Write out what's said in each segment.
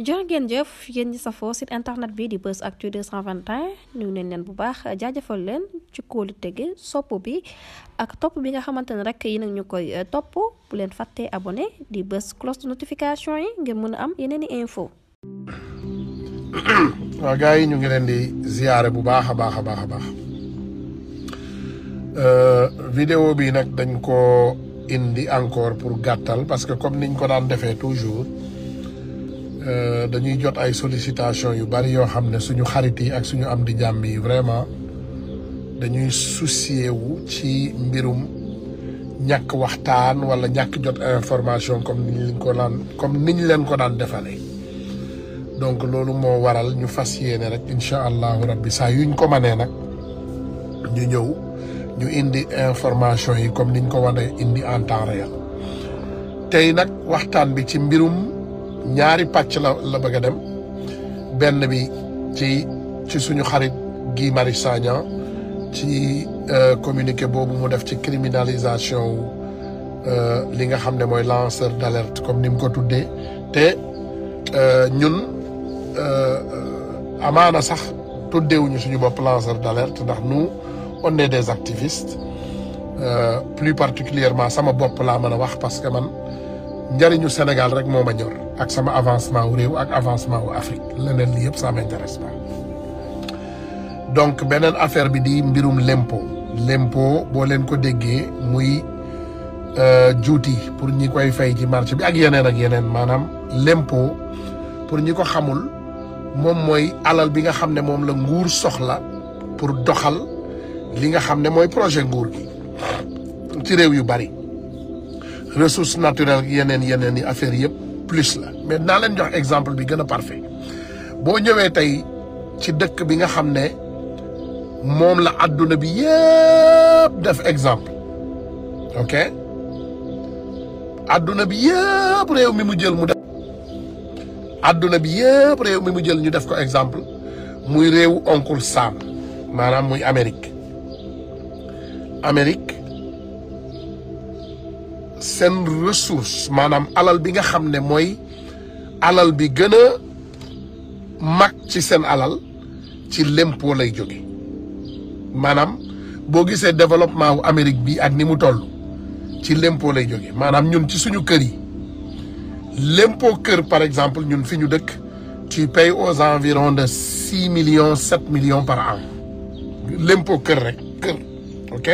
jërë ngeen jëf yéen ñi safoo site internet bi di Buzz Actu 221 ñu neen leen bu baax leen ci kóolu tege sopp bi ak topp bi nga xamante ne rek yi nag ñu koy eh, topp bu leen fatte abone di bës cloche de notification yi ngeen mën a am yeneen i info waaw gars yi ñu ngi leen di ziyaare bu baax a baax a baax a baax euh, vidéo bi nag dañ ko indi encore pour gàttal parce que comme niñ ko daan defee toujours Euh, dañuy jot ay sollicitation yu bari yoo xam ne suñu xarit yi ak suñu am di jàmm yi vraiment dañuy soucier wu ci mbirum ñàkk waxtaan wala ñàkk jot information comme niñ leen ko naan comme niñ leen ko daan defalee donc loolu moo waral ñu fas yéene rek incha allahu rabbi saa yuñ ko manee nag ñu ñëw ñu indi information yi comme niñ ko wane indi en temps réel tey nag waxtaan bi ci mbirum. ñaari pàcc la la bëgg dem benn bi ci ci suñu xarit Guy mari Sagna ci euh, communiqué boobu mu def ci criminalisation euh, li nga xam ne mooy lanceur d'alerte comme ni mu ko tuddee te euh, ñun amaana sax tuddewuñu suñu bopp lanceur d'alerte ndax nous on est des activistes plus particulièrement sama bopp laa mën a wax parce que man njëriñu Sénégal rek moo ma ñor ak sama avancement wu réew ak avancement wu Afrique leneen li yëpp ça m'intéresse pas donc beneen affaire bi di mbirum l'impôt l'impôt boo ko déggee muy euh, juuti pour ñi koy fay ci marché bi ak yeneen ak yeneen maanaam l'impôt pour ñi ko xamul moom mooy alal bi nga xam ne moom la nguur soxla pour doxal li nga xam ne mooy projet nguur gi ci réew yu bari ressources naturelles yeneen yeneen yi affaire yëpp plus la mais dinaa leen jox exemple bi gën a parfait boo ñëwee tey ci dëkk bi nga xam ne moom la adduna bi yëpp def exemple ok adduna bi yëpp réew mi mu jël mu def adduna bi yëpp réew mi mu jël ñu def ko exemple muy réew onkul Sam maanaam muy Amérique Amérique seen ressource maanaam alal bi nga xam ne mooy alal bi gën a mag ci seen alal ci l'impôt lay jóge maanaam boo gisee développement wu Amérique bi ak ni mu toll ci l'impôt lay jóge maanaam ñun ci suñu kër yi l'impôt kër par exemple ñun fi ñu dëkk tu payes aux environs de million millions million millions par an l'impôt kër rek kër ok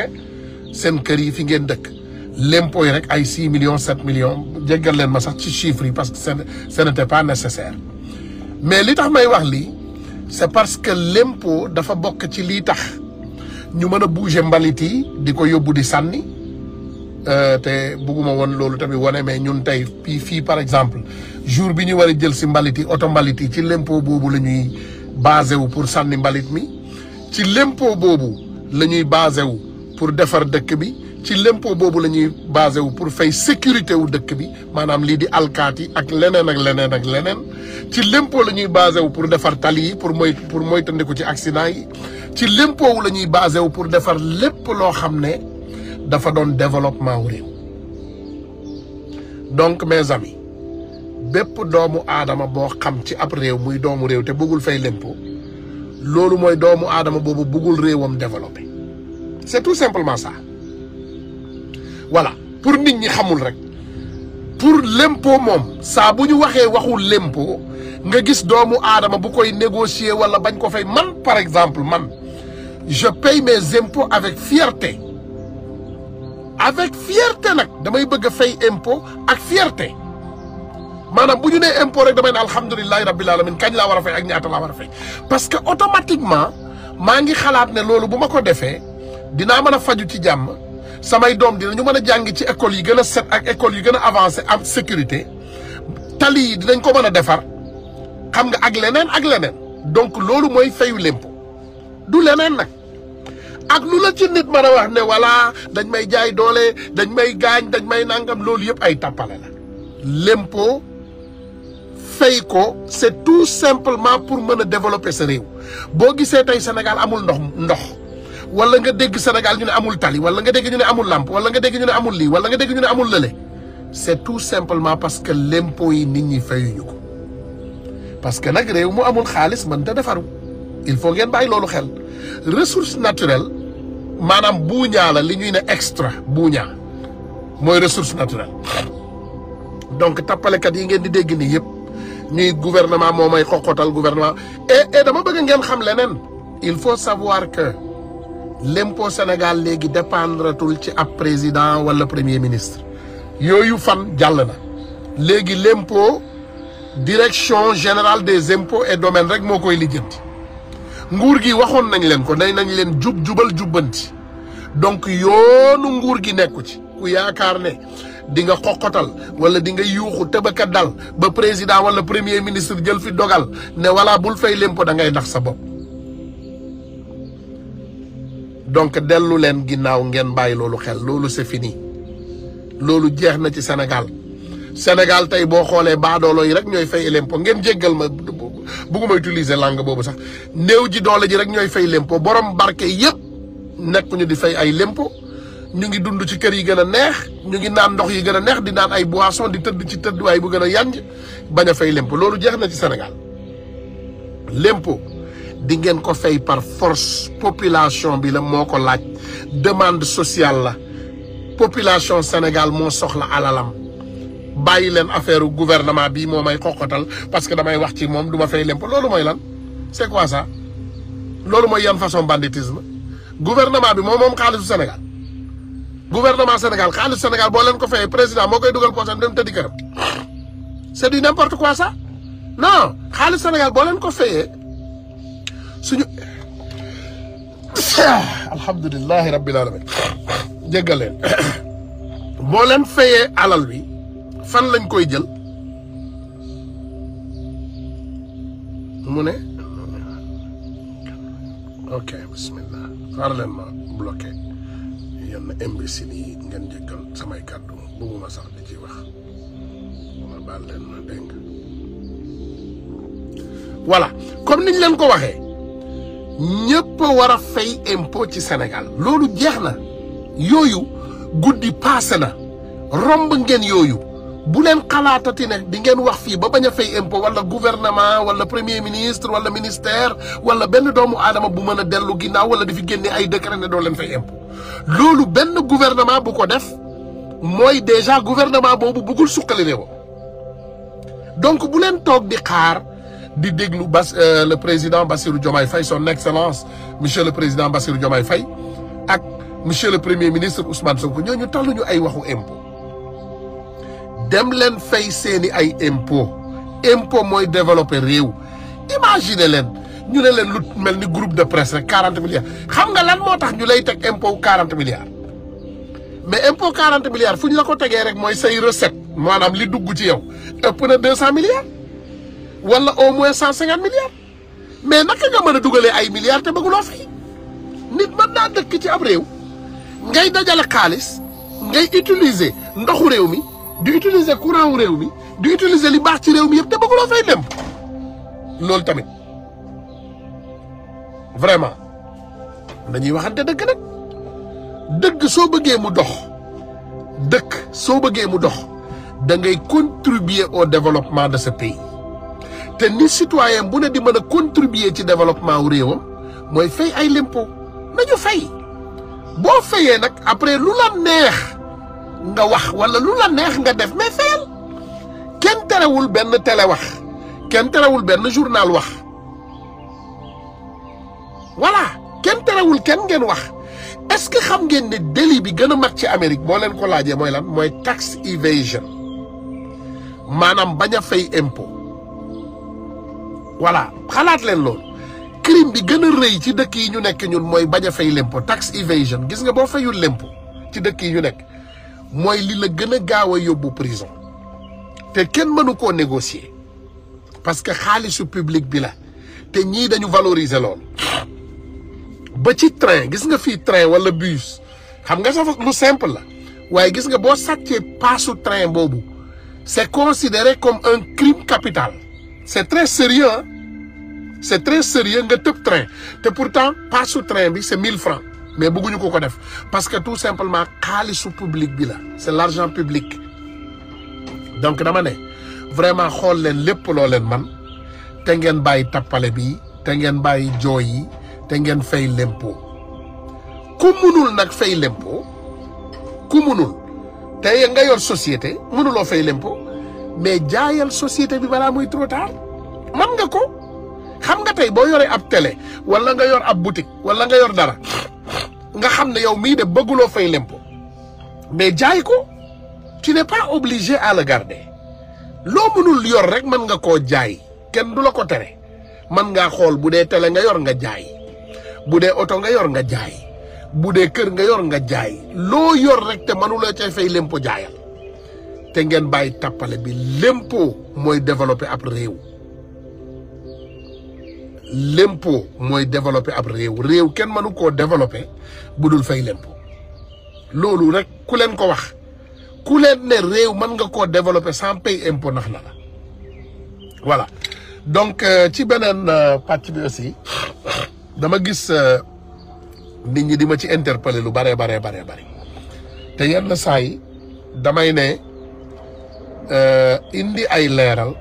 seen kër yi fi ngeen dëkk l'impôt yi rek ay six million sept millions jéggal leen ma sax ci chiffres yi parce que ce n'était pas nécessaire mais li tax may wax lii c'est parce que l'impôt dafa bokk ci lii tax ñu mën a bouger mbalit yi di ko yóbbu di sànni euh, te bugguma woon loolu tamit wane mais ñun tey fii par exemple jour bi ñuy war a jël si mbalit yi auto mbalit yi ci l'impôt boobu la ñuy basé wu pour sànni mbalit mi ci l'impôt boobu la ñuy basé wu pour defar dëkk bi ci l'impôt boobu la ñuy basé wu pour fay sécurité wu dëkk bi maanaam lii di alkaati ak leneen ak leneen ak leneen ci l'impôt la ñuy basé wu pour defar tali yi pour moy pour moy moytandiku ci accident yi ci l'impôt wu la ñuy basé wu pour defar lépp loo xam ne dafa doon développement wu réew donc mes amis bépp doomu aadama boo xam ci ab réew muy doomu réew te bëggul fay l'impôt loolu mooy doomu aadama boobu bëggul réewam développé c'est tout simplement ça voilà pour nit ñi xamul rek pour l'impôt moom saa bu ñu waxee waxul l'impôt nga gis doomu aadama bu koy négocier wala bañ ko fay man par exemple man je paye mes impôts avec fierté avec fierté nag damay bëgg a fay impôt ak fierté maanaam bu ñu nee impôt rek damay ne alhamdulilahi rabbil alamin kañ laa war a fay ak ñaata laa war a fay parce que maa ngi xalaat ne loolu bu ma ko defee dinaa mën a faju ci jàmm samay doom dinañu mën a jàng ci école yi gën a set ak école yi gën a avancé am sécurité tali yi dinañ ko mën a defar xam nga ak leneen ak leneen donc loolu mooy fayu lempo du leneen nag ak lu la ci nit mën a wax ne walla dañ may jaay doole dañ may gaañ dañ may nàngam loolu yëpp ay tappale la lempo fay ko c'est tout simplement pour mën a développer sa réew boo gisee tey Sénégal amul ndox ndox wala nga dégg Sénégal ñu ne amul tali wala nga dégg ñu ne amul làmp wala nga dégg ñu ne amul lii wala nga dégg ñu ne amul lële c'est tout simplement parce que l'impôt yi nit ñi fayuñu ko parce que nag réew mu amul xaalis mën ta defaru il faut ngeen bàyyi loolu xel ressource naturelle maanaam buuñaa la li ñuy ne extra buuñaa mooy ressource naturelle donc tappalekat yi ngeen di dégg nii yëpp ñuy gouvernement moo may xoqotal gouvernement et et dama ngeen xam leneen il faut savoir que l'impôt Sénégal léegi dépendretul ci ab président wala premier ministre yooyu fan jàll na léegi l'impôt direction général des impôts et domaines rek moo koy lijjanti nguur gi waxoon nañ leen ko day nañ leen jub jubal jubbanti donc yoonu nguur gi nekku ci ku yaakaar ne di nga xoqotal wala di nga yuuxu tëbaka dal ba président wala premier ministre jël fi dogal ne wala bul fay l'impôt da ngay nax sa bopp donc dellu leen ginnaaw ngeen bàyyi loolu xel loolu c'est fini loolu jeex na ci Sénégal Sénégal tey boo xoolee baadoolo yi rek ñooy fay lempo ngeen jéggal ma bugguma utiliser langue boobu sax néew ji doole ji rek ñooy fay lempo borom barke yëpp nekkuñu di fay ay lempo ñu ngi dund ci kër yi gën a neex ñu ngi naan ndox yi gën a neex di naan ay boisson di tëdd ci tëdduwaay bu gën a yanj bañ a fay lempo loolu jeex na ci Sénégal lempo di ngeen ko fay par force population bi la moo ko laaj demande sociale la population Sénégal moo soxla alalam bàyyi leen affaire gouvernement bi moo may xoqatal parce que damay wax ci moom duma ma fay lempo loolu mooy lan c'est quoi ça loolu mooy yan façon banditisme gouvernement bi moom moom xaalisu Sénégal gouvernement Sénégal xaalisu Sénégal boo leen ko fayee président moo koy dugal poosam dem tëddi këram c'est du n'importe quoi ça non xaalis Sénégal boo leen ko fayee suñu alhamdulilahi rabbil alamin jéggal leen boo leen fayee alal bi fan lañ koy jël mu ne ok bismillah xaar leen ma bloqué yenn imbécile yi ngeen jéggal samay kàddu bëgguma sax di ci wax ma baal leen ma leen ko waxe ñëpp a war a fay impôt ci Sénégal loolu jeex na yooyu guddi paase na romb ngeen yooyu bu leen xalaatati ne di ngeen wax fii ba bañ a fay impôt wala gouvernement wala premier ministre wala ministère wala benn doomu aadama bu mën a dellu ginnaaw wala di fi génne ay décret ne doo leen fay impôt loolu benn gouvernement bu ko def mooy déjà gouvernement boobu bëggul suqali réew donc bu leen toog di xaar di déglu Bass euh, le président Bassirou Diomaye Faye son excellence monsieur le président Bassirou Diomaye fay ak monsieur le premier ministre ousman Ousmane Sonko ñooñu talluñu ay waxu impôt dem leen fay seeni ay impôt impôt mooy développer réew imagine leen ñu ne leen lu mel ni groupe de presse rek quarante xam nga lan moo tax ñu lay teg impo quarante milliards mais impôt quarante milliards fu ñu la ko tegee rek mooy say recette maanaam li dugg ci yow ëpp na deux wala au moins cent cinquante milliards mais naka nga mën a dugalee ay milliards te bëgguloo fay nit mën naa dëkk ci ab réew ngay dajale xaalis ngay utilise ndoxu réew mi di utiliser courant wu réew mi di utiliser li baax ci réew mi yëpp te ba bëgguloo fay dem loolu tamit vraiment dañuy waxante dëgg nag soo bëggee mu dox dëkk soo bëggee mu dox da ngay contribuer au développement de sa pays te ni citoyen bu ne di mën a contribuer ci développement wu réewam mooy fay ay limpo nañu fay boo fayee nag après lu la neex nga wax wala lu la neex nga def mais fayal kenn terewul benn télé wax kenn terewul benn journal wax voilà kenn terewul kenn ngeen wax est-ce que xam ngeen ne délit bi gën a mag ci Amérique boo leen ko laajee mooy lan mooy tax evasion maanaam bañ a fay impôt voilà xalaat leen loolu crime bi gën a rëy ci dëkk yi ñu nekk ñun mooy bañ a fay lempo tax evasion gis nga boo fayul lempo ci dëkk yi ñu nekk mooy li la gën a gaaw a yóbbu prison te kenn mënu koo négocier parce que xaalisu public bi la te ñii dañu valoriser lool ba ci train gis nga fii train wala bus xam nga sax lu simple la waaye gis nga boo sàccee paasu train boobu c'est considéré comme un crime capital c'est très sérieux hein? c'est très nga tëb train te pourtant paasu train bi c'est mille francs mais bëgguñu ko ko def parce que tout simplement xaalisu public bi la c'est l'argent public donc dama ne vraiment xool leen lépp loo leen man te ngeen bàyyi tappale bi te ngeen bàyyi jooy yi te ngeen fay l'impôt ku munul nag fay lempo ku munul te nga yor société munuloo fay l'impôt mais jaayal société bi balaa muy trop tard man nga ko xam nga tey boo yoree ab tele wala nga yor ab boutique wala nga yor dara nga xam ne yow mii de bëgguloo fay lempo mais jaay ko tu n'es pas obligé à le garder loo mënul yor rek mën nga ko jaay kenn du la ko tere mën ngaa xool bu dee tele nga yor nga jaay bu dee oto nga yor nga jaay bu dee kër nga yor nga jaay loo yor rek te mënuloo cay fay lempo jaayal. te ngeen bàyyi tàppale bi l'impôt mooy développer ab réew l'impôt mooy développer ab réew réew kenn mënu koo développer bu dul fay l'impôt loolu rek ku leen ko wax ku leen ne réew man nga koo développer sans payer nax na la voilà donc euh, ci beneen euh, pàcc bi aussi dama gis euh, nit ñi di ma ci interpeller lu bare bare bare bare te yenn saa damay ne Euh, indi ay leeral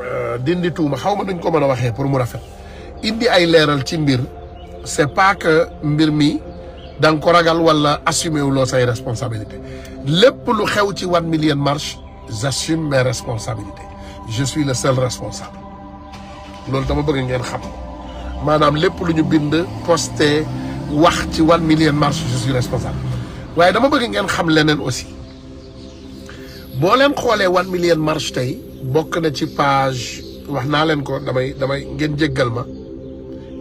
euh, dindi tuuma xaw ma nuñ ko mën a waxee pour mu rafet indi ay leeral ci mbir c'est pas que mbir mi dang ko ragal wala assumer wuloo say responsabilité lépp lu xew ci One Million March j'assume mes je suis le seul responsable loolu dama bëgg ngeen xam maanaam lépp lu ñu bind posté wax ci One Million March je suis responsable waaye dama bëgg ngeen xam leneen aussi boo leen xoolee one million marche tey bokk na ci page wax naa leen ko damay damay ngeen jéggal ma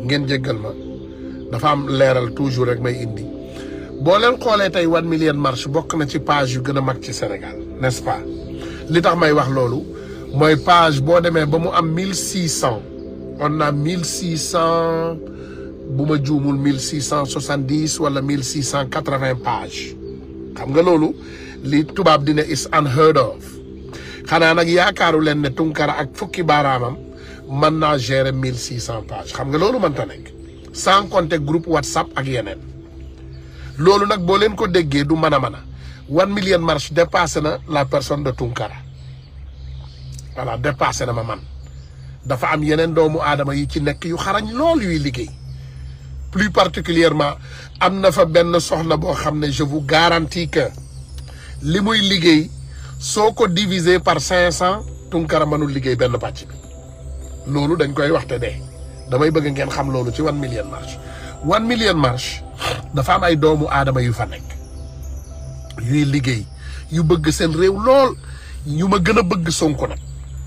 ngeen jéggal ma dafa am leeral toujours rek may indi boo leen xoolee tey one million marche bokk na ci page yu gën a mag ci Sénégal nest pas li tax may wax loolu mooy page boo demee ba mu am mille six cent on naa mille six cent bu ma juumul mille six cent soixante-dix wala mille six cent quatre-vingts page xam nga loolu li tubaab dina is unheard of xanaa nag yaakaaru leen ne Tunkara ak fukki baaraamam man naa gérer mille six cent pages xam nga loolu mënta nekk sans groupe whatsapp ak yeneen loolu nag boo leen ko déggee du mën a mën a one million marche dépassé na la personne de Tunkara voilà dépassé na ma man dafa am yeneen doomu aadama yi ci nekk yu xarañ lool yuy liggéey plus particulièrement am na fa benn soxla boo xam ne je vous garantis li muy liggéey soo ko diviser par cinq cent Tunkara mënul liggéey benn pàcc bi loolu dañ koy waxte de damay bëgg ngeen xam loolu ci one million marche one million marche dafa am ay doomu aadama yu fa nekk yuy liggéey yu bëgg seen réew lool ñu ma gën a bëgg Sonko nag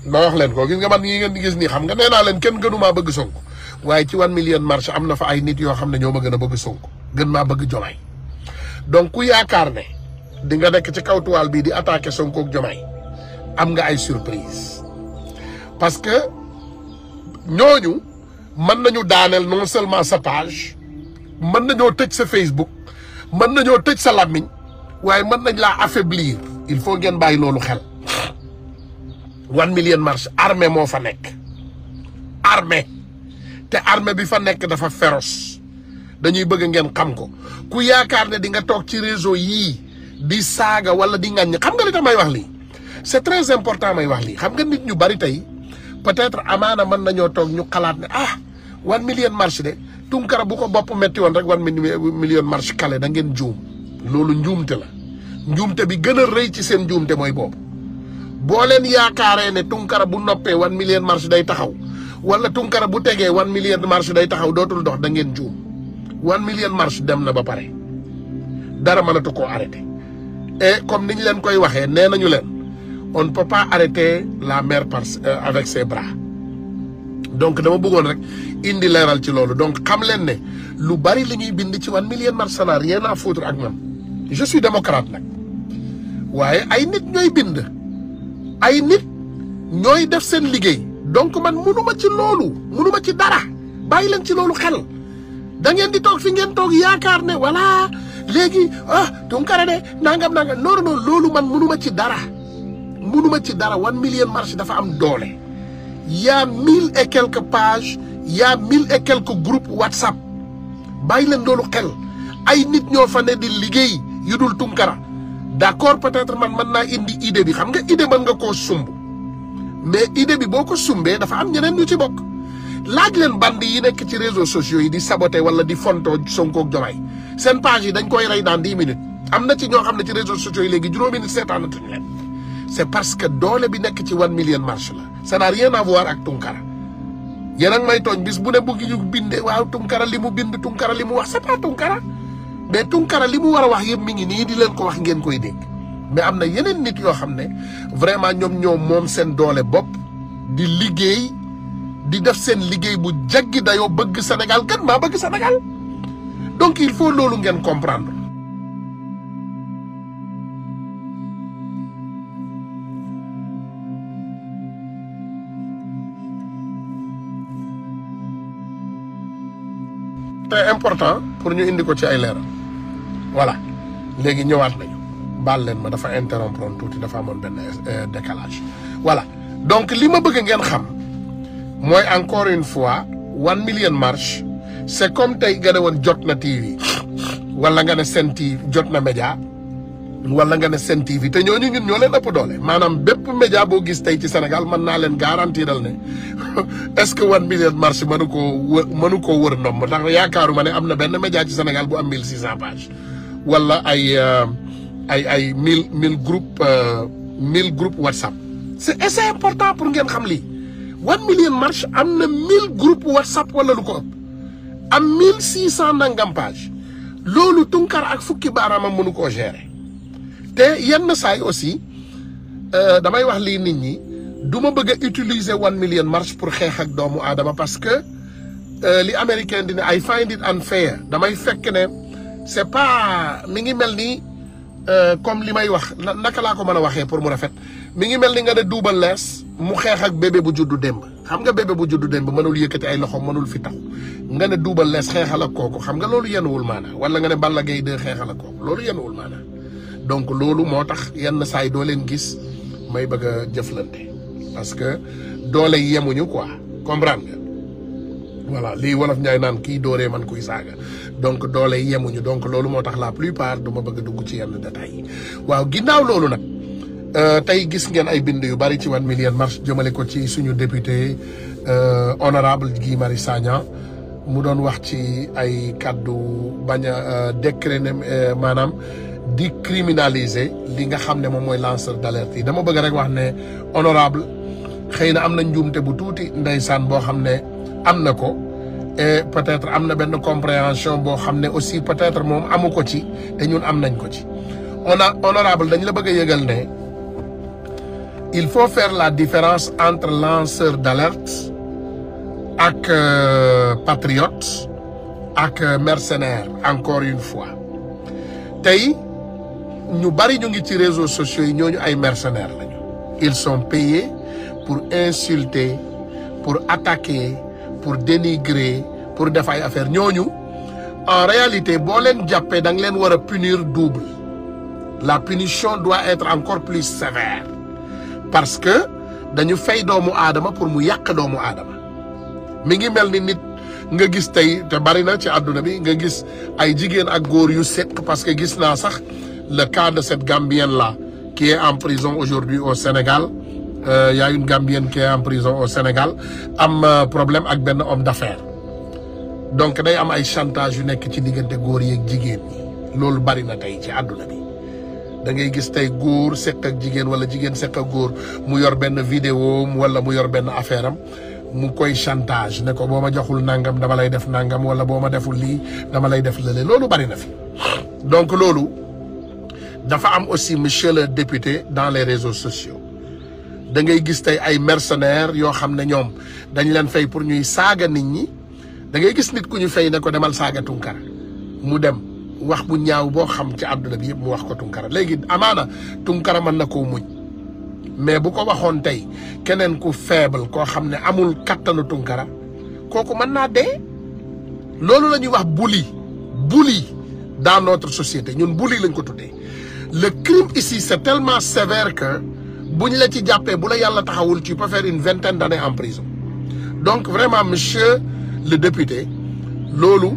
ma wax leen ko gis nga man ñi ngeen di gis nii xam nga nee naa leen kenn gënumaa bëgg Sonko waaye ci one million marche am na fa ay nit yoo xam ne ñoo ma gën a bëgg Sonko gën maa bëgg Diomaye donc yaakaar ne di nga nekk ci kaw tuwaal bii di attaqué Sonko ak Diomaye am nga ay surprise parce que ñooñu mën nañu daaneel non seulement sa page mën nañoo tëj sa Facebook mën nañoo tëj sa làmmiñ waaye mën nañ laa affaiblir il faut ngeen bàyyi loolu xel one million marche armée moo fa nekk armée te armée bi fa nekk dafa féroce dañuy bëgg ngeen xam ko ku yaakaar ne di nga toog ci réseau yii di saaga wala di ŋàññ xam nga li tax may wax lii c'est très important may wax lii xam nga nit ñu bari tey peut-être amaana mën nañoo toog ñu xalaat ne ah one million marche de Tunkara bu ko bopp metti woon rek one million marche kale da ngeen juum loolu njuumte la njuumte bi gën a rëy ci seen njuumte mooy boobu boo leen yaakaaree ne Tunkara bu noppee wan million marche day taxaw wala Tunkara bu tegee wan million marche day taxaw dootul dox da ngeen juum one million marche dem na ba pare dara mënatu koo arrêté et comme ni ñu leen koy waxee nee nañu leen on ne peut la mer par euh, avec ses bras donc dama bëggoon rek indi leeral ci loolu donc xam leen ne lu bari li ñuy bind ci man million mercenaires rien à foutre ak man je suis démocrate nag waaye ay nit ñooy bind ay nit ñooy def seen liggéey donc man mënuma ci loolu mënuma ci dara bàyyi leen ci loolu xel da ngeen di toog fi ngeen toog yaakaar ne voilà léegi ah Tounkara de nangam nangam non non loolu man mënuma ci dara mënuma ci dara wan million marche dafa am doole y'a mille et quelques pages y'a mille et quelques groupes WhatsApp bàyyi leen loolu xel ay nit ñoo fa ne di liggéey yu dul Tounkara d'accord peut-être man man naa indi idée bi xam nga idée man nga koo sumb mais ide bi boo ko sumbee dafa am ñeneen ñu ci bokk laaj leen band yi nekk ci réseaux sociaux yi di saboter wala di fontoo Sonko ak Diomaye seen page yi dañ koy rey daan dix minutes am na ci ñoo xam ne ci réseaux sociaux yi léegi juróomi nit seetaanatuñu leen c' est parce que doole bi nekk ci wan million marche la ça n'a rien à ak Tunkara yeneen a may tooñ bis bu ne buggi ñu binde waaw Tunkara li mu bind Tunkara li mu wax c' est pas Tunkara mais Tunkara li mu war a wax yëpp mi ngi nii di leen ko wax ngeen koy dégg mais am na yeneen nit yoo xam ne vraiment ñoom ñoom moom seen doole bopp di liggéey di def seen liggéey bu jaggi dayoo bëgg Sénégal kan maa bëgg Sénégal donc il faut loolu ngeen comprendre te important pour ñu indi ko ci ay leeral voilà léegi ñëwaat nañu baal leen ma dafa interrompre tuuti dafa amoon benn euh, décalage voilà donc li ma bëgg ngeen xam mooy encore une fois one million marche c'est comme tey nga ne woon jot na TV wala nga ne Sen TV jot na média wala nga ne Sen TV te ñooñu ñun ñoo leen ëpp doole maanaam bépp média boo gis tey ci Sénégal mën na leen garantiral ne est-ce que one million marché mënu koo wër mënu koo wër ndomb ndax yaakaaruma ne am na benn média ci Sénégal bo am mille six cent pages wala ay euh, ay ay mille mille groupe euh, mille groupe WhatsApp c'est assez important pour ngeen xam lii one million marche am na mille groupe WhatsApp wala lu ko am mille cent nangam loolu Tunkar ak fukki baaraamam mënu koo gérer te yenn saay aussi euh, damay wax lii nit ñi duma ma bëgg utiliser one million marche pour xeex ak doomu aadama parce que euh, li américain di ne I find it unfair damay fekk ne c'est pas mi ngi mel ni euh, comme li may wax naka laa ko mën a waxee pour mu rafet mi ngi mel ni nga ne duubal lees mu xeex ak bébé bu juddu démb. xam nga bébé bu juddu dem ba mënul yëkkati ay loxo mënul fi tax nga ne duubal lees xeexal ak kooku xam nga loolu yenuwul maana wala nga ne Balla Gaye 2 xeexal ak kooku loolu yenuwul maana donc loolu moo tax yenn saa yi doo leen gis may bëgg a jëflante parce que doole yemuñu ko comprendre nga voilà lii wolof Njaay naan kii dooree man kuy saaga donc doole yemuñu donc loolu moo tax la plupart du ma bëgg dugg ci yenn détails waaw ginnaaw loolu nag. Euh, tey gis ngeen ay bind yu bari ci One Million March jëmale ko ci suñu député euh, honorable Guy Marius Sagna mu doon wax ci ay kàddu bañ a euh, décréné maanaam di criminaliser di nga xam ne moom mooy lanceur d'alerte yi dama bëgg rek wax ne honorable xëy na am na njuumte bu tuuti ndeysaan boo xam ne am na ko et peut-être am na benn compréhension boo xam ne aussi peut-être moom amu ko ci te ñun am nañ ko ci on a honorable dañ la bëgg a yëgal ne il faut faire la différence entre lanceur d'alerte ak euh, patriote ak euh, mercenaire encore une fois tey ñu bari ñu ngi ci réseaux sociaux yi ñooñu ay mercenaires lañu ils sont payés pour insulter pour attaquer pour dénigrer pour def ay affaires ñooñu en réalité boo leen jàppee da nga leen war a punir double la punition doit être encore plus sévère parce que dañu fay doomu aadama pour mu yàq doomu aadama mi ngi mel ni nit nga gis tey te bari na ci àdduna bi nga gis ay jigéen ak góor yu sekk parce que gis naa sax le cas de cette gambienne là qui est en prison aujourd'hui au Sénégal euh, y a une gambienne en prison au Sénégal am euh, problème ak benn homme d'affaires donc day am ay chantage yu nekk ci diggante góor yeeg jigéen loolu bari na tey ci àdduna bi. da ngay gis tey góor sekk ak jigéen wala jigéen sekk ak góor mu yor benn vidéo wala mu yor benn affaire am mu koy chantage ne ko boo ma joxul nangam dama lay def nangam wala boo ma deful lii dama lay def lële loolu bari na fi donc loolu dafa am aussi monsieur le député dans les réseaux sociaux da ngay gis tey ay mercenaires yoo xam ne ñoom dañ leen fay pour ñuy saaga nit ñi da ngay gis nit ku ñu fay ne ko demal saaga Tunkara mu dem. wax bu ñaaw boo xam ci àdduna bi yëpp mu wax ko Tunkara léegi amaana Tunkara mën na koo muñ mais bu ko waxoon tey keneen ku faible koo xam ne amul kattanu Tunkara kooku mën naa dee loolu la ñuy wax bully bully dans notre société ñun bully lañ ko tuddee le crime ici c'est tellement sévère que buñ la ci jàppee bu la yàlla taxawul ci peux faire une vingtaine d'années en prison donc vraiment monsieur le député loolu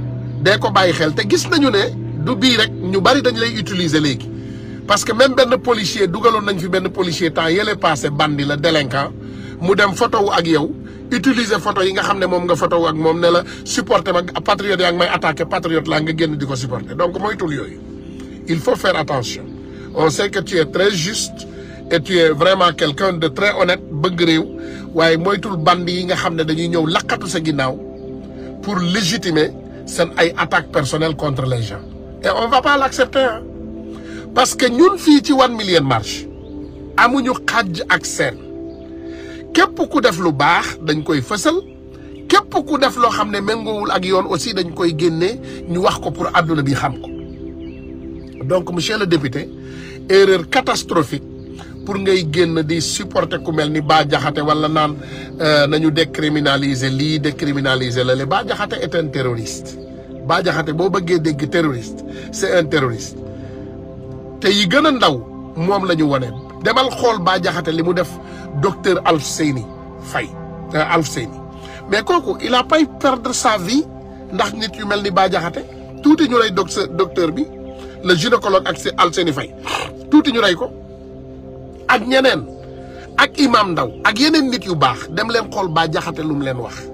dee ko bàyyi xel te gis nañu ne du bii rek ñu bari dañ lay utiliser léegi parce que même benn policier dugaloon nañ fi benn policier temps yële passé bandi la délinquant mu dem photo wu ak yow utiliser foto yi nga xam ne moom nga photo wu ak moom ne la supporter ma patriote yaa ngi may attaqué patriote laa nga génn di ko supporter donc moytul yooyu il faut faire attention on sait que tu es très juste et tu es vraiment quelqu'un de très honnête bëgg réew waaye moytul bandi yi nga xam ne dañuy ñëw laqatu sa ginnaaw pour légitimer seen ay attaques personnelles contre les gens et on va pas l'accepter parce que ñun fii ci one million marche amuñu xàjj ak seen képp ku def lu baax dañ koy fësal képp ku def loo xam ne méngoowul ak yoon aussi dañ koy génnee ñu wax ko pour àdduna bi xam ko donc monsieur le député erreur catastrophique pour ngay génn di supporté ku mel ni Bah Diakhaté wala naan euh, nañu décriminaliser lii décriminaliser la le Bah Diakhaté est Bah boo bëggee dégg terroriste c'est un terroriste te yi gën a ndaw moom la ñu wane demal xool Bah li mu def docteur Alfousseyni Faye euh, Alfousseyni mais kooku il a pas perdre sa vie ndax nit yu mel ni baajaxate tuuti ñu rey docteur bi le gynécologue ak Alfousseyni Faye tuuti ñu rey ko ak ñeneen ak imam ndaw ak yeneen nit yu baax dem leen xool Bah Diakhaté leen wax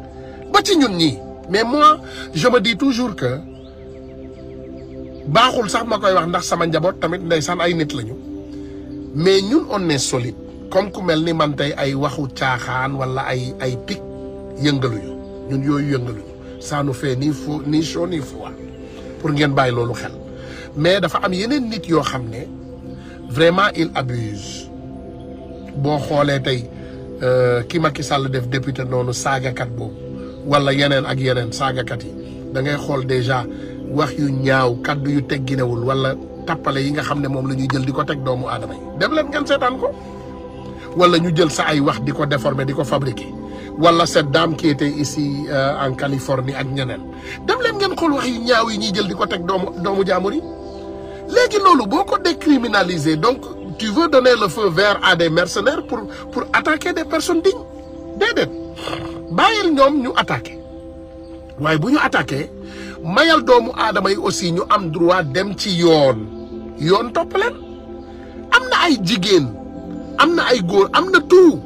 ba ci ñun ñii mais moi je me toujours que baaxul sax ma koy wax ndax sama njaboot tamit ndeysaan ay nit lañu mais ñun on est solide comme ku mel ni man tey ay waxu caaxaan wala ay ay pic yëngaluñu ñun yooyu yëngaluñu ça nous fait ni fo ni chaud ni pour ngeen bàyyi loolu xel mais dafa am yeneen nit yoo xam ne vraiment il abuse boo xoolee tey euh, ki Macky Sall def député noonu saagakat boobu. wala yeneen ak yeneen saagakat yi da ngay xool déjà wax yu ñaaw kaddu yu tegginewul wala tappale yi nga xam ne moom la ñuy jël di ko teg doomu aadama yi dem leen ngeen seetaan ko wala ñu jël sa ay wax di ko déformer di ko fabriquer wala cette dame qui était ici euh, en Californie ak ñeneen dem leen ngeen xool wax yu ñaaw yi ñuy jël di ko teg doomu doomu jaamur yi léegi loolu boo ko décriminaliser donc tu veux donner le feu vert à des mercenaires pour pour attaquer des personnes dignes bàyyil ñoom ñu attaqué waaye bu ñu attaqué mayal doomu aadama yi aussi ñu am droit dem ci yoon yoon topp leen am na ay jigéen am na ay góor am na tout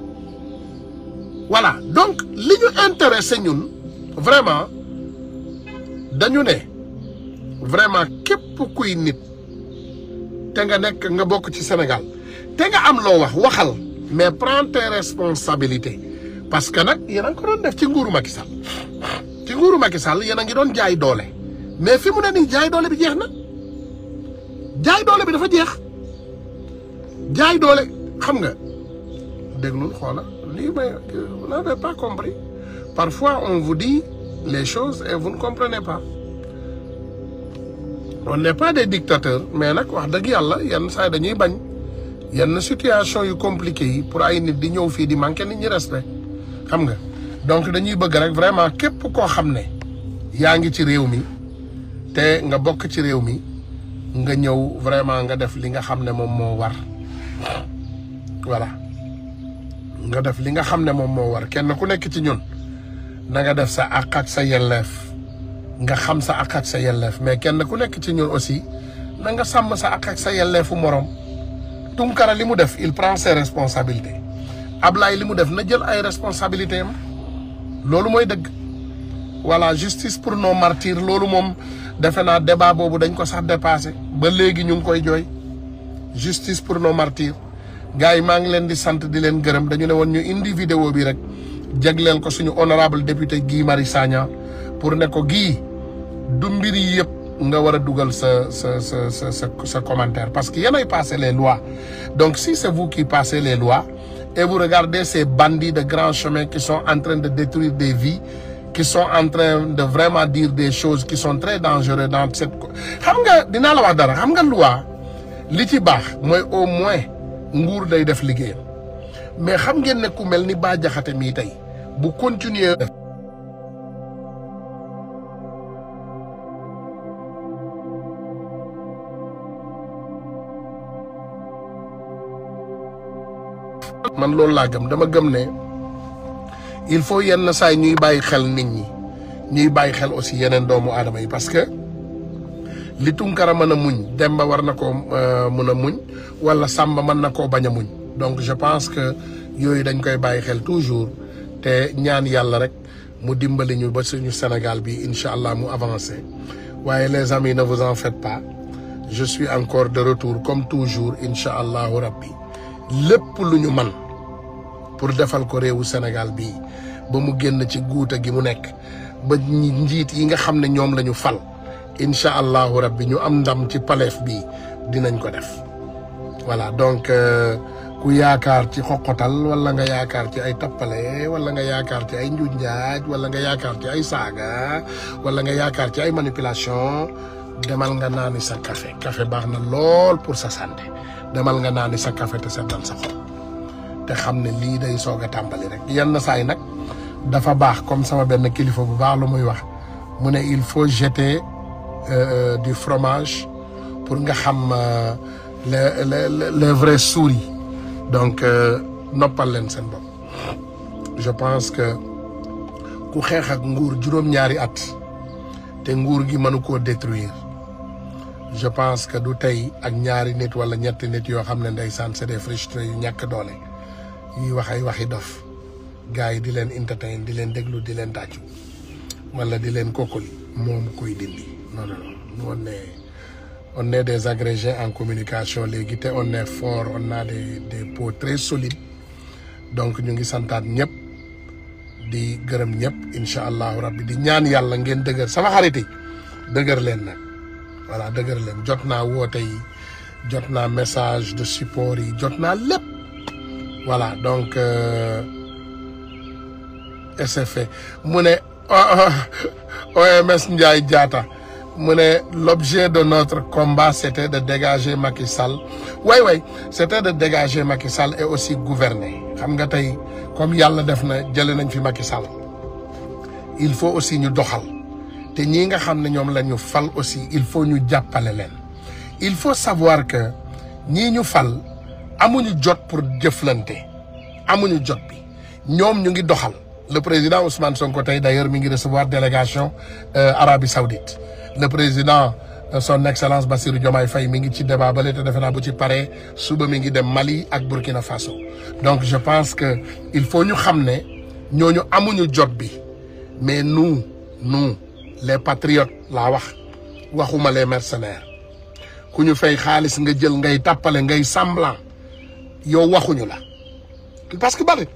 voilà donc li ñu intéressé ñun vraiment dañu ne vraiment képp kuy nit te nga nekk nga bokk ci Sénégal te nga am loo wax waxal mais prends tes parce que nag yéen a ngi def ci nguuru Macky Sall ci nguuru Macky Sall yéen a ngi doon jaay doole mais fi mu ne nii jaay doole bi jeex na jaay doole bi dafa jeex jaay doole xam nga déglul xoola lii may vous n'avez pas compris parfois les choses et vous ne comprenez pas on n'est pas mais nag wax dëgg yàlla yenn saa dañuy bañ yenn situation yu compliquées yi pour ay nit di ñëw fii di manqué nit ñi respect xam nga donc dañuy bëgg rek vraiment képp koo xam ne yaa ngi ci réew mi te nga bokk ci réew mi nga ñëw vraiment nga def li nga xam ne moom moo war voilà nga def li nga xam ne moom moo war kenn ku nekk ci ñun na nga def sa àq sa yelleef nga xam sa àq sa yelleef mais kenn ku nekk ci ñun aussi na nga sàmm sa àq ak sa yelleefu morom Tunkara li mu def il prend ses responsabilités Ablaye li mu def na jël ay responsabilité loolu mooy dëgg voilà justice pour no martyrs loolu moom defe naa débat boobu dañ ko sax dépassé ba léegi ñu ngi koy jooy justice pour no martyrs gars yi maa ngi leen di sant di leen gërëm dañu ne woon ñu indi vidéo bi rek jagleel ko suñu honorable député Guy Marius Sagna pour nekko ko du mbir yi yëpp nga war a dugal sa sa sa sa sa commentaire parce que yéenay passé les lois donc si c'est vous qui passez les lois et vous regardez ces bandits de grands chemins qui sont en train de détruire des vies, qui sont en train de vraiment dire des choses qui sont très dangereuses dans cette. xam nga dinaa la wax dara xam nga loi li ci baax mooy au moins nguur day def liggéeyam mais xam ngeen ne ku mel ni Bah Diakhaté mii tey bu continuer def. loolu laa gëm dama gëm ne il faut yenn saay ñuy bàyyi xel nit ñi ñuy bàyyi xel aussi yeneen doomu aadama yi parce que li Tunkara man a muñ Demba war na koo euh, mën a muñ wala Samba man na ko bañ a muñ donc je pense que yooyu dañ koy bàyyi xel toujours te ñaan yàlla rek mu dimbali ñu ba suñu Sénégal bi incha allah mu avancé waaye les amis ne vous en fait pas je suis encore de retour comme toujours incha allahu rabbi lépp lu ñu man pour defal ko réewu Sénégal bii ba mu génn ci guuta gi mu nekk ba njiit yi nga xam ne ñoom lañu fal incha allahu rabbi ñu am ndam ci paleef bi dinañ ko def voilà donc euh, ku yaakaar ci xoqotal wala nga yaakaar ci ay tappale wala nga yaakaar ci ay njuuj njaaj wala nga yaakaar ci ay saaga wala nga yaakaar ci ay manipulation demal nga naani sa café kafe baax na lool pour sa santé demal nga naani sa café te seddal sa xol te xam ne lii day soog a tàmbali rek yenn saay nag dafa baax comme sama benn kilifa bu baax la muy wax mu ne il faut jeter euh, euh, du fromage pour nga xam les euh, les les vrais souris donc noppal leen seen bopp je pense que ku xeex ak nguur juróom-ñaari at te nguur gi mënu koo détruire je pense que du tey ak ñaari nit wala ñetti nit yoo xam ne ndeysaan c'est des frustrés yu ñàkk doole ñuy wax ay waxi dof gars yi di leen entertain di leen déglu di leen tàccu wala di leen kokkoli moom koy dindi non non non on en communication léegi te on est fort on a des des peaux solides donc ñu ngi santaat ñëpp di gërëm ñëpp incha allahu rabbi di ñaan yàlla ngeen dëgër sama xarit yi dëgër leen nag voilà dëgër leen jot naa woote yi jot naa message de support yi jot naa lépp. voilà donc euh, SFE mu ne OMS oh, oh, Ndiaye Diatta mu ne l'objet de notre combat c'était de dégager Macky Sall way way c'était de dégager Macky Sall et aussi gouverner xam nga tey comme yàlla def na jële nañ fi Macky Sall il faut aussi ñu doxal te ñii nga xam ne ñoom la ñu fal aussi il faut ñu jàppale leen il faut savoir que ñii ñu fal amuñu jot pour jëflante amuñu jot bi ñoom ñu ngi doxal le président Ousmane Sonko tey d'ailleurs mi ngi recevoir délégation euh, Arabie Saoudite le président euh, son excellence Bassirou Diomaye fay mi ngi ci débat bale te defe naa bu ci paree suba mi ngi dem Mali ak Burkina Faso donc je pense que il faut ñu xam ne ñooñu amuñu jot bi mais nu nu les patriotes laa wax waxuma les mercenaires ku ñu fay xaalis nga jël ngay tàppale ngay semblant yow waxuñu la parce que bari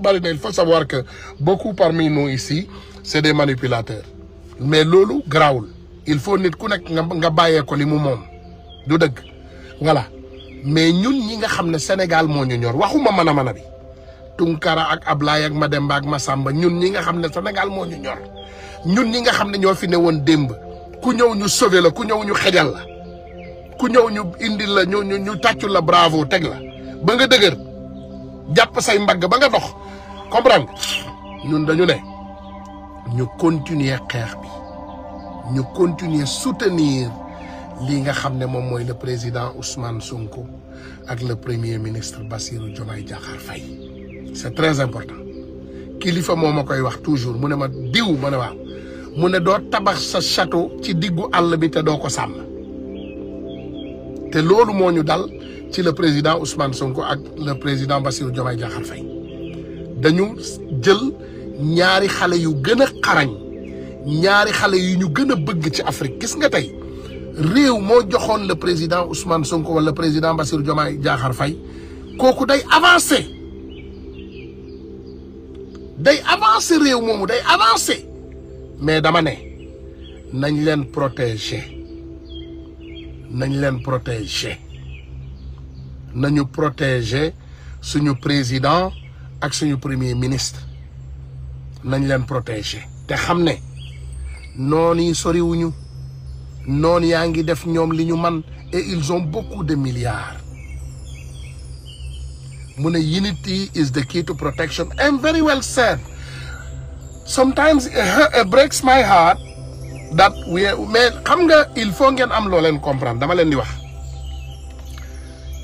bari na il faut savoir que beaucoup parmi nous ici c'est des manipulateurs mais loolu garaawul il faut nit ku nekk nga nga bàyyee ko li mu moom du dëgg voilà mais ñun ñi nga xam ne Sénégal moo ñu ñor waxuma mën a mën a bi Tunkara ak Ablaye ak Mademba ak Masamba ñun ñi nga xam ne Sénégal moo ñu ñor ñun ñi nga xam ne ñoo fi ne woon démb ku ñëw ñu sauver la ku ñëw ñu xejal ku ñëw ñu indil la ñu ñu tàccu la bravo teg la ba nga dëgër jàpp say mbagg ba nga dox comprendre ñun dañu ne ñu continuer xeex bi ñu continuer soutenir lii nga xam ne moom mooy le président Ousmane Sonko ak le premier ministre Bassirou Diomaye Diakhar Faye c'est très important kilifa moo ma koy wax toujours mu ne ma diw ma ne waaw mu ne doo tabax sa château ci diggu àll bi te doo ko sàmm te loolu moo ñu dal ci le président Ousmane Sonko ak le président bassir Diomaye Diakhar Faye dañu jël ñaari xale yu gën a xarañ ñaari xale yu ñu gën a bëgg ci Afrique gis nga tey réew moo joxoon le président Ousmane Sonko wala président Bassirou Diomaye Diakhar fay kooku day avancé day avancé réew moomu day avancé mais dama ne nañ leen protéger nañ leen protéger nañu protéger suñu président ak suñu premier ministre nañ leen protéger te xam ne noonu yi soriwuñu noonu yaa ngi def ñoom li ñu man et ils ont beaucoup de milliards mu ne unity is the key to protection and very well said sometimes it breaks my heart that we mais xam nga il faut ngeen am loo leen comprendre dama leen di wax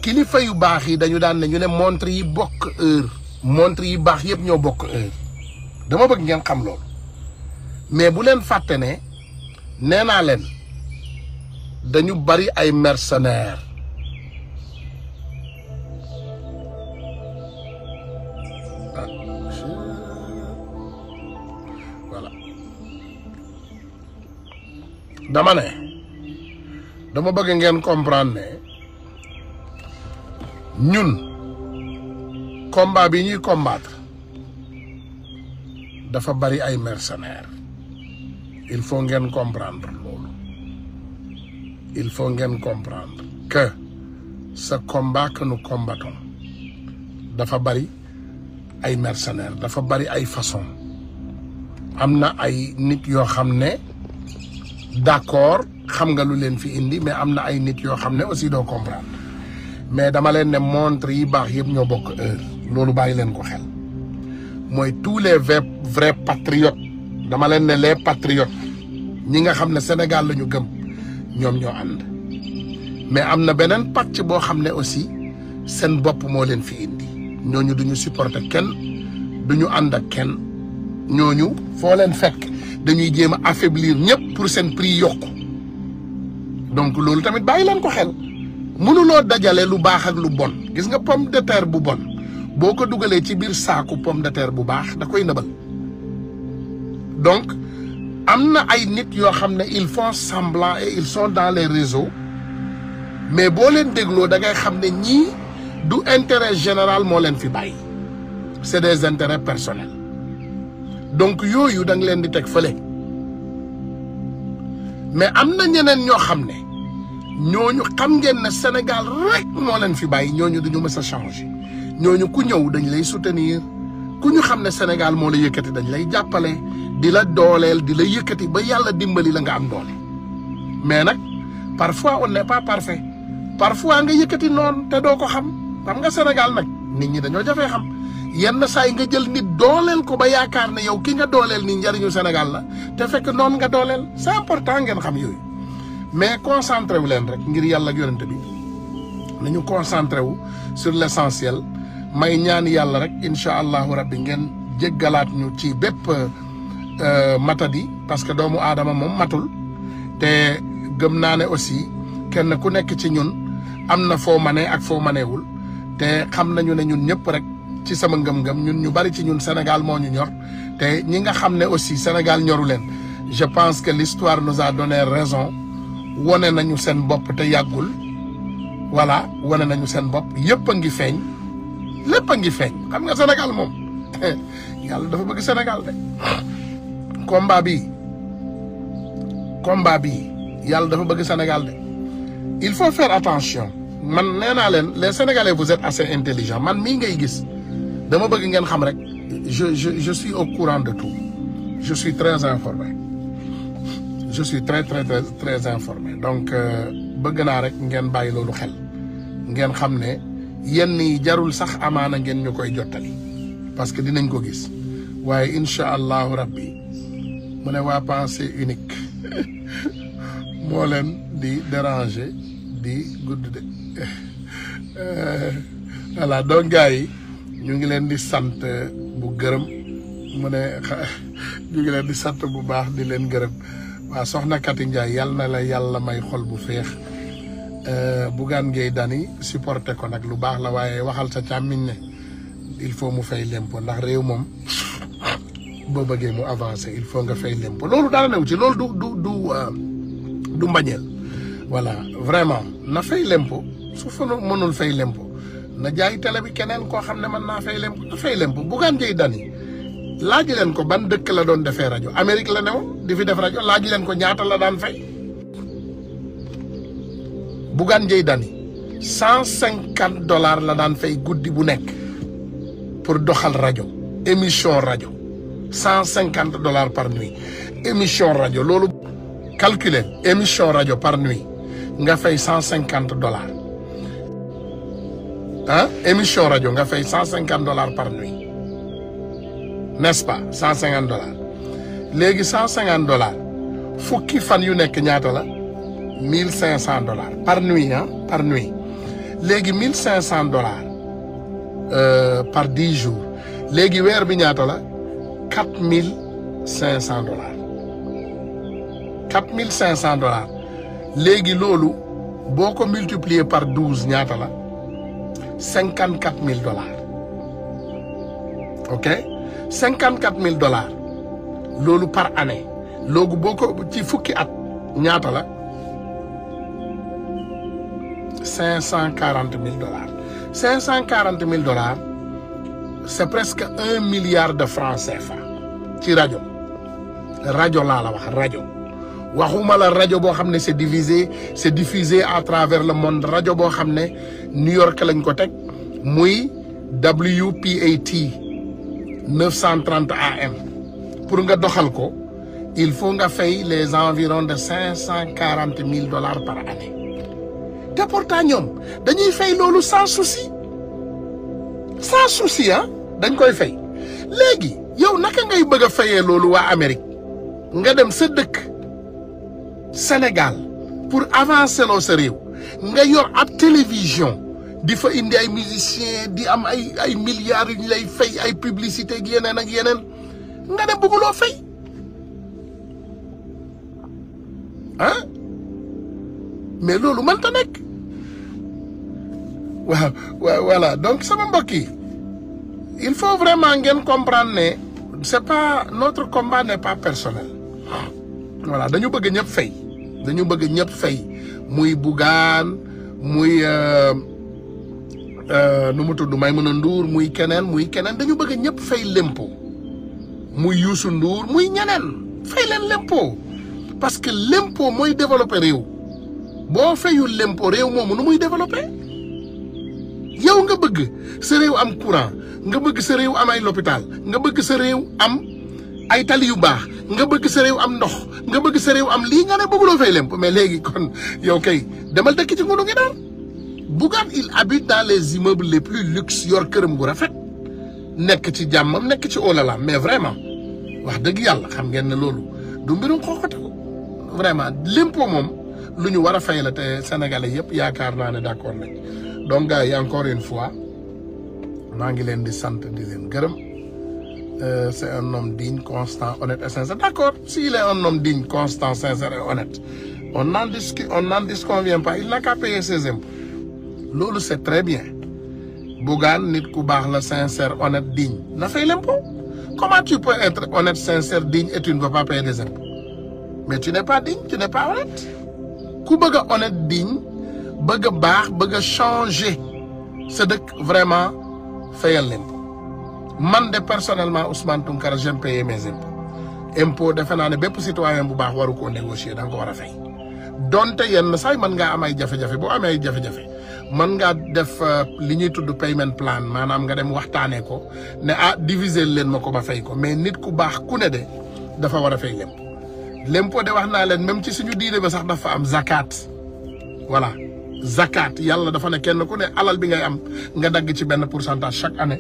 kilifa yu baax yi dañu daan ne ñu ne montre yi bokk heure montre yi baax yëpp ñoo bokk heure dama bëgg ngeen xam loolu mais bu leen fàtte ne nee naa leen dañu bari ay mercenaires voilà dama ne dama bëgg ngeen comprendre ne ñun combat bi ñuy combattre dafa bari ay mercenaires il faut ngeen comprendre loolu faut ngeen comprendre que ce combat que nous dafa bari ay mercenaires dafa bari ay façon am na ay nit yoo xam ne d'accord xam nga lu leen fi indi mais am na ay nit yoo xam ne aussi doo comprendre. mais dama leen ne montre yi baax yëpp ñoo bokk heure loolu bàyyi leen ko xel mooy tous les vrais vrais patriotes dama leen ne les patriotes ñi nga xam ne Sénégal la ñu gëm ñoom ñoo ànd mais am na beneen pàcc boo xam ne aussi seen bopp moo leen fi indi ñooñu du ñu supporter kenn du ñu ànd ak kenn ñooñu foo leen fekk dañuy jéem a affaiblir ñëpp pour seen prix yokku donc loolu tamit bàyyi leen ko xel. mënuloo dajale lu baax ak lu bon gis nga pomme de terre bu bon boo ko dugalee ci biir saaku pomme de terre bu baax da koy nëbal donc am na ay nit yoo xam ne il font semblant et ils sont dans les réseaux mais boo leen dégloo da ngay xam ne ñii du intérêt général moo leen fi bàyyi c'est des intérêts personnels donc yooyu da leen di teg fële mais am na ñeneen ñoo xam ne. ñooñu xam ngeen ne Sénégal rek moo leen fi bàyyi ñooñu duñu mës a changer ñooñu ku ñëw dañu lay soutenir ku ñu xam ne Sénégal moo la yëkkati dañ lay jàppale di la dooleel di la yëkkati ba yàlla dimbali la nga am doole mais nag parfois on n'est pas parfait parfois nga yëkkati noonu te doo ko xam xam nga Sénégal nag nit ñi dañoo jafee xam yenn saa yi nga jël nit dooleel ko ba yaakaar ne yow ki nga dooleel ni njariñu Sénégal la te fekk noonu nga dooleel c'est important ngeen xam yooyu. mais concentré wu leen rek ngir yàlla ak yonent bi nañu concentré wu sur l' essentiel may ñaan yàlla rek incha allah rabbi ngeen jéggalaat ñu ci bépp euh, matadi parce que doomu aadama moom matul te gëm naa ne aussi kenn ku nekk ci ñun am na foo manee ak foo maneewul te xam nañu ne ñun ñëpp rek ci sama ngëm-ngëm ñun ñu bari ci ñun Sénégal moo ñu ñor te ñi nga xam ne aussi Sénégal ñoru leen je pense que l'histoire nous a donné raison wane nañu seen bopp te yàggul voilà wane nañu seen bopp yëpp a ngi feeñ lépp a ngi feeñ xam nga Sénégal moom yàlla dafa bëgg Sénégal de combat bi combat bi yàlla dafa bëgg Sénégal de il faut faire attention man nee naa leen les Sénégalais vous êtes assez intelligent man mii ngay gis dama bëgg ngeen xam rek je je je suis au courant de tout je suis très informé. je suis très très très très informé donc euh, bëgg naa rek ngeen bàyyi loolu xel ngeen xam ne yenn jarul sax amaana ngeen ñu koy jottali parce que dinañ ko gis waaye incha allahu rabbi mu ne waa pensée unique moo leen di déranger di gudd de voilà donc gars ñu ngi leen di sant bu gërëm mu ne ñu ngi leen di sant bu baax di leen gërëm. waaw soxna Kati Ndiaye yal na la yàlla may xol bu feex féex euh, Bougane Gueye Dany supporté ko nag lu baax la waaye waxal sa càmmiñ ne il faut mu fay lempo ndax réew moom boo bëggee mu avancé il faut nga fay lempo loolu daal new ci loolu du du du euh, du mbañeel voilà vraiment na fay lempo su fa mënul fay lempo na jaay télé bi keneen koo xam ne mën naa fay lempo na fay lempo Bougane Gueye Dany laaj leen ko ban dëkk la doon defee rajo Amérique la new di fi def rajo laaj leen ko ñaata la daan fay Bougane Gueye Dany cent cinquante dollars la daan fay guddi bu nekk pour doxal rajo émission rajo cent cinquante dollars par nuit émission rajo loolu calculer émission rajo par nuit nga fay cent cinquante dollars ah émission rajo nga fay cent cinquante dollars par nuit n'est-ce cent cinquante dollars léegi cent cinquante dollars fukki fan yu nekk ñaata la mille cinq cent dollars par nuit ah par nuit léegi mille cinq cent dollars euh, par dix jour léegi weer bi ñaata la quatre mille cinq cent dollars quatre cinq cent dollars léegi loolu boo ko par douze ñaata la cinquante quatre mille dollars ok. cinquante quatre mille dollars loolu par année loogu boko ci fukki at ñaata la cinq cent quarante mille cent quarante mille dollars c'est presque un milliard de francs CFA ci rajo rajo laa la wax rajo waxuma la rajo boo xam ne c'est divisé c'est diffusé à travers le monde rajo boo xam ne New York lañ ko teg muy WPAT 930 AM pour nga doxal ko il faut nga fay les environs de 540 000 dollars par année te pourtant ñoom dañuy fay loolu sans souci sans souci ah dañ koy fay léegi yow naka ngay bëgg a fayee loolu waa Amérique nga dem sa dëkk Sénégal pour avancer loo sa réew nga yor ab télévision. di fa indi ay musiciens di am ay ay milliards yu ñu lay fay ay publicité ak yeneen ak yeneen nga ne bëgguloo fay ah mais loolu mënta nekk waaw donc sama mbokk il faut vraiment ngeen comprendre ne c'est pas notre combat n'est pas personnel voilà dañu bëgg ñëpp fay dañu bëgg ñëpp fay muy Bougane muy. Euh, Euh, nu mu tudd Maimouna Ndour muy keneen muy keneen dañu bëgg ñëpp fay lempo muy Youssou Ndour muy ñeneen fay leen lempo parce que lempo mooy développé réew boo fayul lempo réew moomu nu muy développé yow nga bëgg sa réew am courant nga bëgg sa am ay l'hôpital nga bëgg sa am ay tali yu baax nga bëgg sa réew am ndox nga bëgg sa réew am lii nga ne bëgguloo fay lempo mais léegi kon yow kay demal dëkk ci nguuru gi daal. Bougane il habite dans les immeubles les plus luxe yor këram gu rafet nekk ci jàmmam nekk ci olala mais vraiment wax dëgg yàlla xam ngeen ne loolu du mbirum xoxote ko vraiment l'impôt moom lu ñu war a fay la te sénégalais yëpp yaakaar naa ne d'accord nañ donc gars yi encore une fois maa ngi leen di sant di leen gërëm euh, c'est un homme digne constant honnête et sincère d'accord s'il est un homme digne constant sincère et honnête on n'en on disconvient pas il n'a qu'à payer loolu c'est très bien Bougane nit ku baax la sincère honnête digne na fay l'impôt comment tu peux être honnête sincère digne et tu ne vas pas payer des impôts mais tu n'es pas digne tu n'es pas ku bëgg a honnête digne bëgg a baax bëgg a changer sa dëkk vraiment fayal l'impôt man de personnellement Ousmane Tounkara j'aime payer mes impôts impôt defe naa ne bépp citoyen bu baax waru koo négocier da nga ko war a fay donte yenn saay mën ngaa am ay jafe-jafe boo amee ay jafe-jafe man ngaa def euh, li ñuy tudd payment plan maanaam nga dem waxtaanee ko ne ah diviser leen ma ko ba fay ko mais nit ku baax ku ne de dafa war a fay lépp lempo de wax naa leen même ci suñu diine ba sax dafa am zakat voilà zakat yàlla dafa ne kenn ku ne alal bi ngay am nga dagg ci benn pourcentage chaque année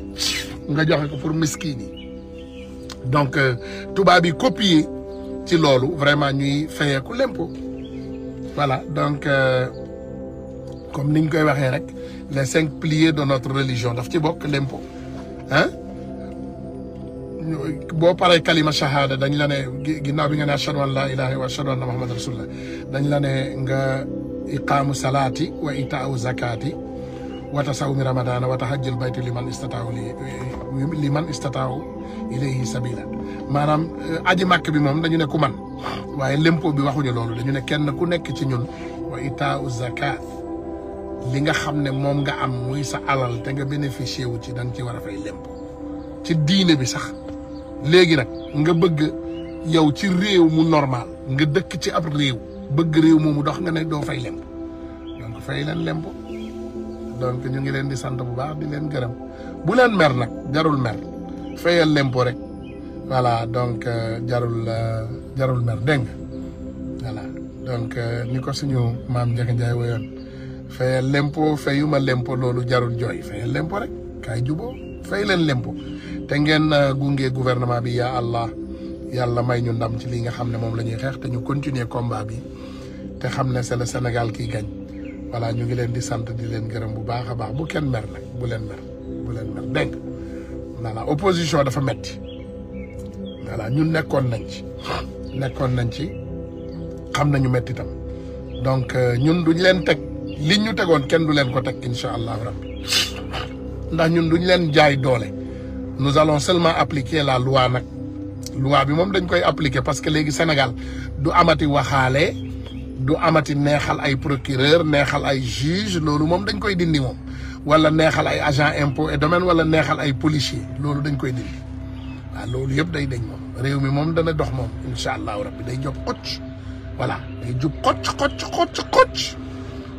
nga joxe ko pour miskin yi donc euh, tubaab yi copier ci loolu vraiment ñuy fayeeku lempo voilà donc. Euh, comme niñ koy waxee rek les cinq piliers de notre religion daf ci bokk l'impôt ah boo paree kalima shahada dañ la ne ginnaaw bi nga ne ashhadu an laa ilaha wa ashhadu anna muhammad rasulullah dañ la ne nga iqaamu salaati wa itaau zakati wata sawmi ramadana wata hajjul bayti liman istataaw liman istataaw ilayhi sabila maanaam eh, aji màkk bi moom dañu ne ku man waaye lempo bi waxuñu loolu dañu ne kenn ku nekk ci ñun wa itaau zakat li nga xam ne moom nga am muy sa alal te nga bénéficié wu ci da nga ci war a fay lempo ci diine bi sax léegi nag nga bëgg yow ci réew mu normal nga dëkk ci ab réew bëgg réew moomu dox nga ne doo fay lempo donc fay leen lempo donc ñu ngi leen di sant bu baax di leen gërëm bu leen mer nag jarul mer fayal lempo rek voilà donc euh, jarul euh, jarul mer dégg nga donc euh, ni ko suñu maam Ndiaga Ndiaye woyoon fayal lempo fayuma lempo loolu jarul jooy fayal lempo rek kaay juboo fay leen lempo te ngeen uh, gunge gouvernement bi yaa allah yàlla may ñu ndam ci li nga xam ne moom la ñuy xeex te ñu continuer combat bi te xam ne c'est Sénégal kii gañ voilà ñu ngi leen di sant di leen gërëm bu baax a baax bu kenn mer nag bu leen mer bu leen mer dégg voilà opposition dafa metti voilà ñun nekkoon nañ ci nekkoon nañ ci xam nañu metti tam donc euh, ñun duñ leen teg liñ ñu tegoon kenn du leen ko teg incha allah rabbi ndax ñun duñ leen jaay doole nous allons seulement appliquer la loi nag loi bi moom dañ koy appliquer parce que léegi Sénégal du amati waxaale du amati neexal ay procureur neexal ay juge loolu moom dañ koy dindi moom wala neexal ay agent impôt et domaine wala neexal ay policier loolu dañ koy dindi waaw loolu yëpp day dañ moom réew mi moom dana dox moom incha allahu rabbi day jub xocc voilà day jub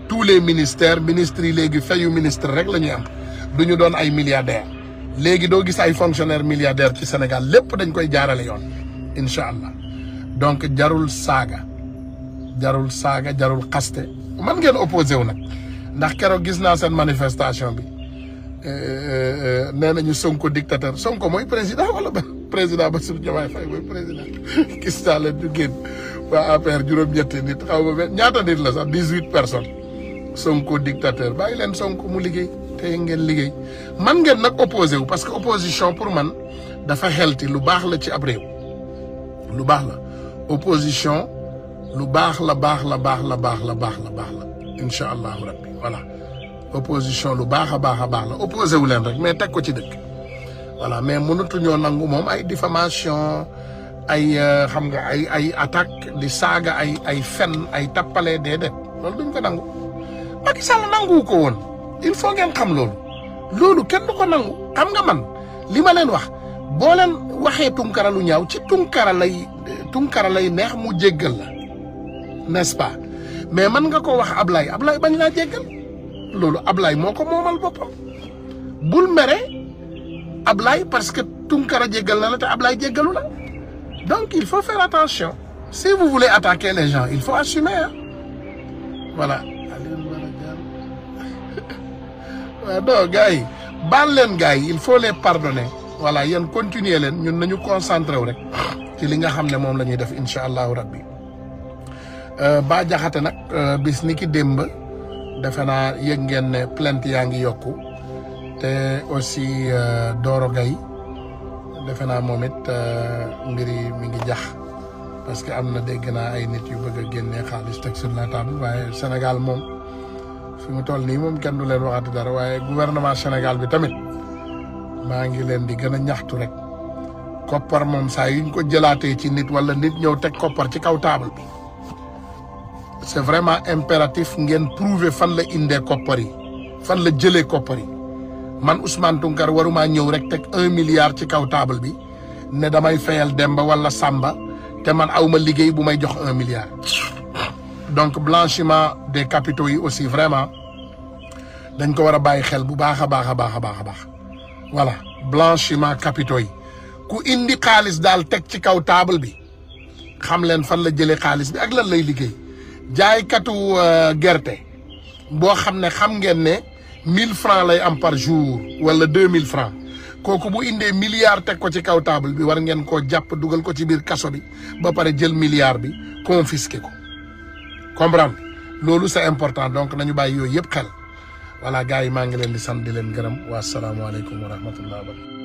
tous les ministères ministres yi léegi fayu ministre rek la ñuy am du ñu doon ay milliardaires léegi doo gis ay fonctionnaires milliardaires ci Sénégal lépp dañ koy jaarale yoon incha allah donc jarul saaga jarul saaga jarul xaste man ngeen opposé wu nag ndax keroog gis naa seen manifestation bi euh, euh, euh, nee nañu Sonko dictateur Sonko mooy président wala ba président ba Diomaye Faye mooy président gis naa leen génn waa APR juróom-ñetti nit xaw ma ñaata nit la sax dix-huit personnes. Sonko dictateur bàyyi leen Sonko mu liggéey tey ngeen liggéey man ngeen nag opposé wu parce que opposition pour man dafa xelti lu baax la ci ab lu baax la opposition lu baax la baax la baax la baax la baax la baax la incha allahu rabbi voilà opposition lu baax a baax a baax la opposé wu leen rek mais teg ko ci dëkk voilà mais mënatuñoo nangu moom ay diffamation ay euh, xam nga ay ay attaque di saaga ay ay fen ay tappale déedéet loolu duñ ko nangu Macky Sall ko woon il ngeen xam loolu loolu kenn ko nangu xam nga man li ma leen wax boo leen waxee tunkara lu ñaaw ci tunkara lay tunkara lay neex mu jéggal la nest mais mën nga ko wax Ablaye Ablaye bañ laa jéggal loolu Ablaye moo ko moomal boppam bul mere Ablaye parce que tunkara jéggal na la te Ablaye jéggalu la donc il faut faire attention si vous voulez attaquer les gens il faut assumer hein voilà do euh, gars yi yi il faut les yéen continuer leen ñun nañu concentré wu rek li nga xam ne moom la ñuy def incha allahu rabbi euh, Bah Diakhaté nag euh, bis ni ki démb defe naa yëg ngeen ne plainte yaa ngi yokku te aussi Doro Gaye defe naa moom it mbir yi mi ngi jax parce que am na dégg ay nit yu bëgg a génnee xaalis teg sur la table waaye Sénégal moom fi mu toll nii moom kenn du leen waxati dara waaye gouvernement Sénégal bi tamit maa ngi leen di gën a ñaxtu rek koppar moom saa yiñ ko jëlaatee ci nit wala nit ñëw teg koppar ci kaw taabal bi c'est vraiment impératif ngeen prouver fan la indee koppar yi fan la jëlee koppar yi man Ousmane Tounkara warumaa ñëw rek teg un milliard ci kaw taabal bi ne damay dem ba wala sàmba te man awma liggéey bu may jox un milliard donc blanchiment des capitaux yi aussi vraiment dañ ko war a bàyyi xel bu baax a baax a baax a baax a baax voilà blanchiment capitaux yi ku indi xaalis daal teg ci kaw table bi xam leen fan la jëlee xaalis bi ak lan lay liggéey jaay jaaykatu euh, gerte boo xam ne xam ngeen ne mille francs lay am par jour wala deux mille francs kooku bu indee milliard teg ko ci kaw table bi war ngeen koo jàpp dugal ko ci biir kaso bi ba pare jël milliard bi confisqué ko comprendre loolu c'est important donc nañu bàyyi yooyu yëpp xel voilà gars yi maa ngi leen di sant di leen gërëm wa salaamualeykum wa rahmatullah